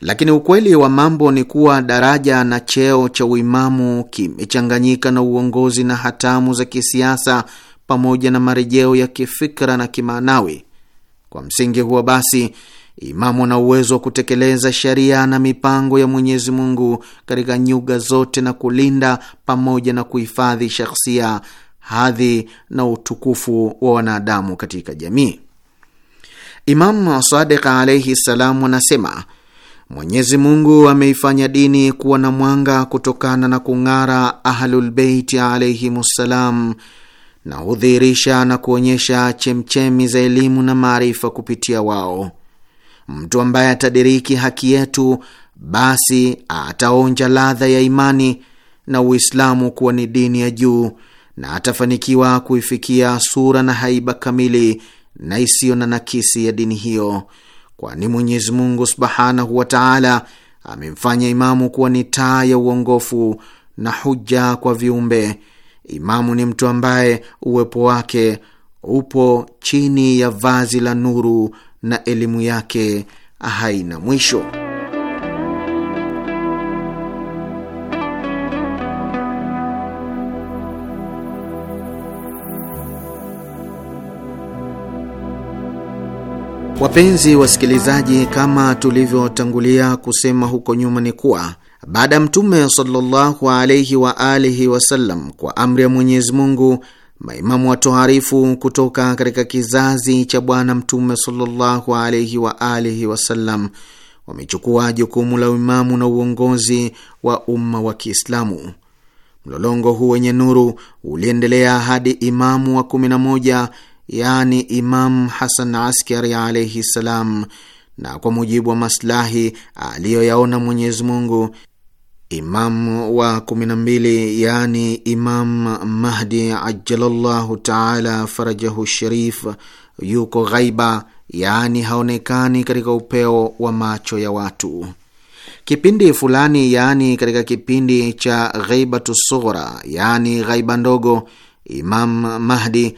Lakini ukweli wa mambo ni kuwa daraja na cheo cha uimamu kimechanganyika na uongozi na hatamu za kisiasa pamoja na marejeo ya kifikra na kimaanawi. Kwa msingi huo basi Imamu ana uwezo wa kutekeleza sheria na mipango ya Mwenyezi Mungu katika nyuga zote na kulinda pamoja na kuhifadhi shakhsia, hadhi na utukufu wa wanadamu katika jamii. Imamu Sadiq alaihi salamu anasema Mwenyezi Mungu ameifanya dini kuwa na mwanga kutokana na kung'ara Ahlulbeiti ssalam na hudhihirisha na kuonyesha chemchemi za elimu na maarifa kupitia wao. Mtu ambaye atadiriki haki yetu, basi ataonja ladha ya imani na Uislamu kuwa ni dini ya juu na atafanikiwa kuifikia sura na haiba kamili na isiyo na nakisi ya dini hiyo, kwani Mwenyezi Mungu subhanahu wa taala amemfanya imamu kuwa ni taa ya uongofu na huja kwa viumbe. Imamu ni mtu ambaye uwepo wake upo chini ya vazi la nuru na elimu yake haina mwisho. Wapenzi wasikilizaji, kama tulivyotangulia kusema huko nyuma, ni kuwa baada ya Mtume sallallahu alaihi wa alihi wasallam kwa amri ya Mwenyezi Mungu Maimamu watoharifu kutoka katika kizazi cha Bwana Mtume sallallahu alaihi wa alihi wasallam wamechukua jukumu la uimamu na uongozi wa umma wa Kiislamu. Mlolongo huu wenye nuru uliendelea hadi imamu wa 11 yaani Imamu Hasan Askari alaihi ssalam, na kwa mujibu wa maslahi aliyoyaona Mwenyezi Mungu Imam wa kumi na mbili yaani Imam Mahdi ajalallahu taala farajahu sharif yuko ghaiba, yaani haonekani katika upeo wa macho ya watu. Kipindi fulani, yaani katika kipindi cha ghaibatu sughra, yaani ghaiba ndogo, Imam Mahdi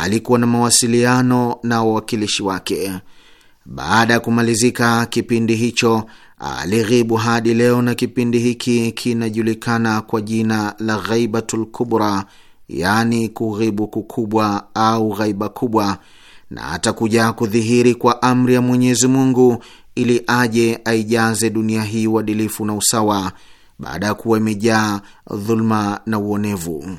alikuwa na mawasiliano na wawakilishi wake. Baada ya kumalizika kipindi hicho alighibu hadi leo, na kipindi hiki kinajulikana kwa jina la Ghaibatul Kubra, yaani kughibu kukubwa au ghaiba kubwa, na atakuja kudhihiri kwa amri ya Mwenyezi Mungu ili aje aijaze dunia hii uadilifu na usawa baada ya kuwa imejaa dhuluma na uonevu.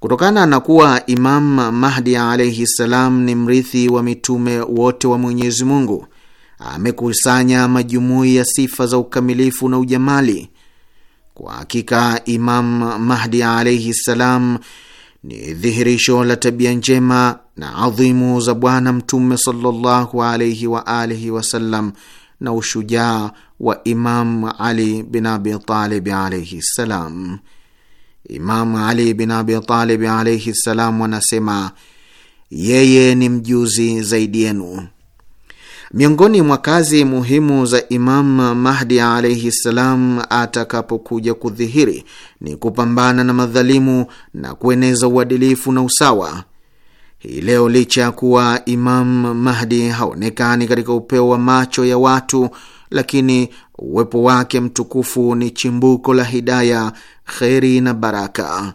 Kutokana na kuwa Imam Mahdi alaihi ssalam ni mrithi wa mitume wote wa Mwenyezi Mungu amekusanya majumui ya sifa za ukamilifu na ujamali. Kwa hakika Imam Mahdi alaihi ssalam ni dhihirisho la tabia njema na adhimu za Bwana Mtume sallallahu alaihi wa alihi wasallam na ushujaa wa Imam Ali bin Abi Talib alaihi ssalam. Imam Ali bin Abi Talib alaihi ssalam wanasema yeye ni mjuzi zaidi yenu Miongoni mwa kazi muhimu za Imam Mahdi alaihi ssalam atakapokuja kudhihiri ni kupambana na madhalimu na kueneza uadilifu na usawa. Hii leo licha ya kuwa Imam Mahdi haonekani katika upeo wa macho ya watu, lakini uwepo wake mtukufu ni chimbuko la hidaya, kheri na baraka.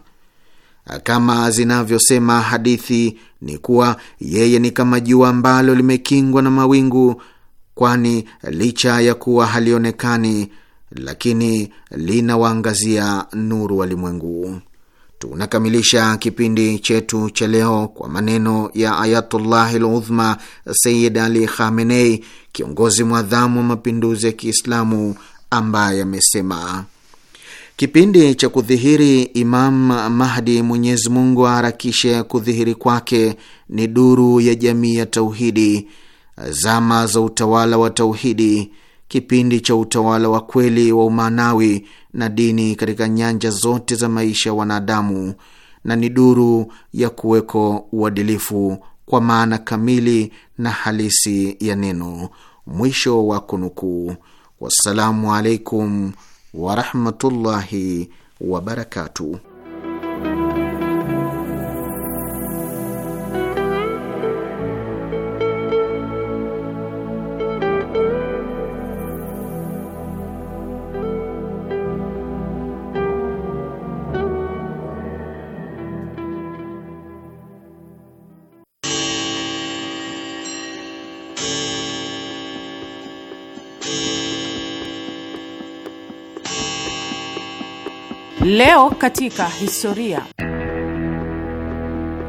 Kama zinavyosema hadithi, ni kuwa yeye ni kama jua ambalo limekingwa na mawingu, kwani licha ya kuwa halionekani, lakini linawaangazia nuru walimwengu. Tunakamilisha kipindi chetu cha leo kwa maneno ya Ayatullahi Ludhma Sayid Ali Khamenei, kiongozi mwadhamu wa mapinduzi ya Kiislamu, ambaye amesema: Kipindi cha kudhihiri Imam Mahdi, Mwenyezi Mungu aharakishe kudhihiri kwake, ni duru ya jamii ya tauhidi, zama za utawala wa tauhidi, kipindi cha utawala wa kweli wa umanawi na dini katika nyanja zote za maisha ya wanadamu, na ni duru ya kuweko uadilifu kwa maana kamili na halisi ya neno. Mwisho wa kunukuu. Wassalamu alaikum ورحمه الله وبركاته Leo katika historia.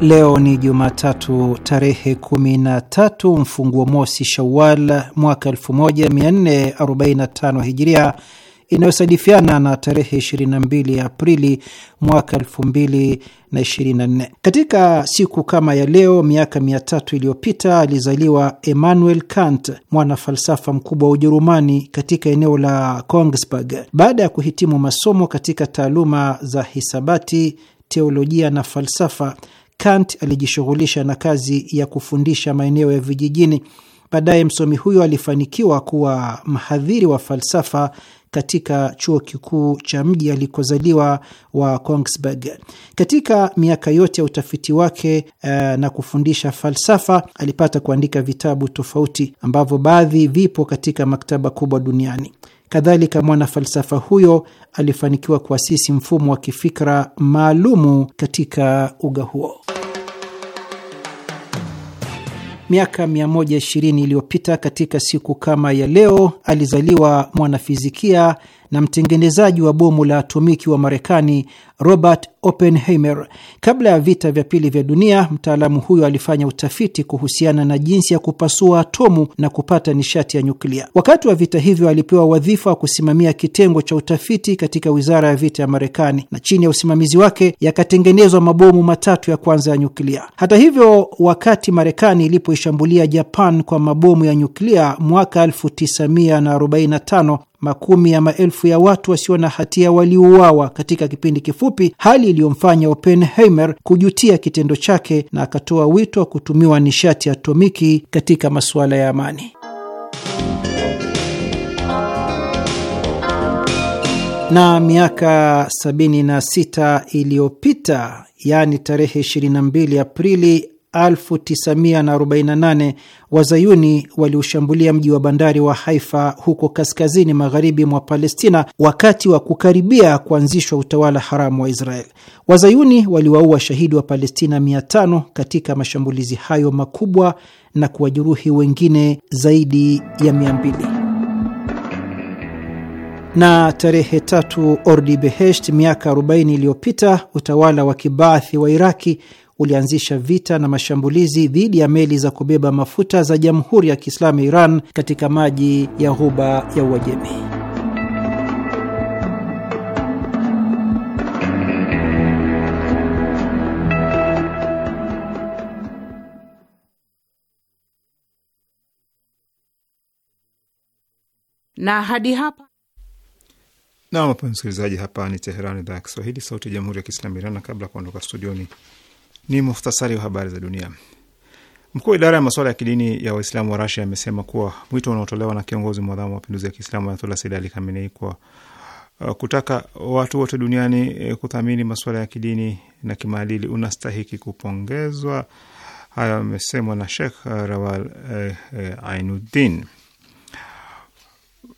Leo ni Jumatatu tarehe 13 mfunguo mosi Shawal mwaka 1445 Hijiria, inayosadifiana na tarehe 22 Aprili mwaka 2024. Katika siku kama ya leo miaka mia tatu iliyopita alizaliwa Emmanuel Kant, mwana falsafa mkubwa wa Ujerumani, katika eneo la Kongsberg. Baada ya kuhitimu masomo katika taaluma za hisabati, teolojia na falsafa, Kant alijishughulisha na kazi ya kufundisha maeneo ya vijijini Baadaye msomi huyo alifanikiwa kuwa mhadhiri wa falsafa katika chuo kikuu cha mji alikozaliwa wa Kongsberg. Katika miaka yote ya utafiti wake uh, na kufundisha falsafa, alipata kuandika vitabu tofauti ambavyo baadhi vipo katika maktaba kubwa duniani. Kadhalika, mwanafalsafa huyo alifanikiwa kuasisi mfumo wa kifikra maalumu katika uga huo. Miaka 120 iliyopita katika siku kama ya leo alizaliwa mwanafizikia na mtengenezaji wa bomu la atomiki wa Marekani Robert Oppenheimer. Kabla ya vita vya pili vya dunia, mtaalamu huyo alifanya utafiti kuhusiana na jinsi ya kupasua atomu na kupata nishati ya nyuklia. Wakati wa vita hivyo, alipewa wadhifa wa kusimamia kitengo cha utafiti katika wizara ya vita ya Marekani, na chini ya usimamizi wake yakatengenezwa mabomu matatu ya kwanza ya nyuklia. Hata hivyo, wakati Marekani ilipoishambulia Japan kwa mabomu ya nyuklia mwaka 1945 makumi ya maelfu ya watu wasio na hatia waliuawa katika kipindi kifupi, hali iliyomfanya Oppenheimer kujutia kitendo chake na akatoa wito wa kutumiwa nishati atomiki katika masuala ya amani. Na miaka 76 iliyopita, yaani tarehe 22 Aprili 1948 wazayuni waliushambulia mji wa bandari wa Haifa huko kaskazini magharibi mwa Palestina wakati wa kukaribia kuanzishwa utawala haramu wa Israel. Wazayuni waliwaua shahidi wa Palestina 500 katika mashambulizi hayo makubwa na kuwajeruhi wengine zaidi ya 200 na tarehe tatu Ordi Behesht miaka 40 iliyopita utawala wa kibaathi wa Iraki ulianzisha vita na mashambulizi dhidi ya meli za kubeba mafuta za Jamhuri ya Kiislamu Iran katika maji ya Ghuba ya Uajemi. na hadi hapa nam, wapenzi msikilizaji, hapa ni Teheran, idhaa ya Kiswahili, sauti ya jamhuri ya kiislamu Iran. Na kabla ya kuondoka studioni, ni muhtasari wa habari za dunia. Mkuu wa idara ya masuala ya kidini ya Waislamu wa Rasia amesema kuwa mwito unaotolewa na kiongozi mwadhamu wa mapinduzi ya Kiislamu Ayatollah Sayyid Ali Khamenei kwa uh, kutaka watu wote duniani uh, kuthamini masuala ya kidini na kimaadili unastahiki kupongezwa. Hayo amesemwa na Shekh Rawal uh, uh, Ainuddin.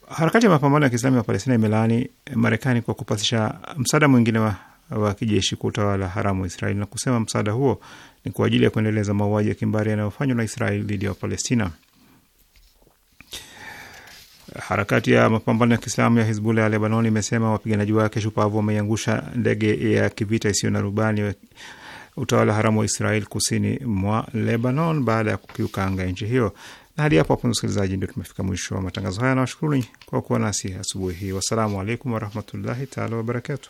Harakati ya mapambano ya Kiislamu ya Palestina imelaani Marekani kwa kupasisha msaada mwingine wa wa kijeshi kwa utawala haramu wa Israeli na kusema msaada huo ni kwa ajili ya kuendeleza mauaji ya kimbari yanayofanywa na Israeli dhidi ya Wapalestina. Harakati ya mapambano ya Kiislamu ya Hizbullah ya Lebanon imesema wapiganaji wake shupavu wameiangusha ndege ya kivita isiyo na rubani utawala haramu wa Israel kusini mwa Lebanon baada ya kukiuka anga ya nchi hiyo. Na hadi hapo, wapenzi wasikilizaji, ndio tumefika mwisho wa matangazo haya. Nawashukuruni kwa kuwa nasi asubuhi hii. Wassalamu alaikum warahmatullahi taala wabarakatu.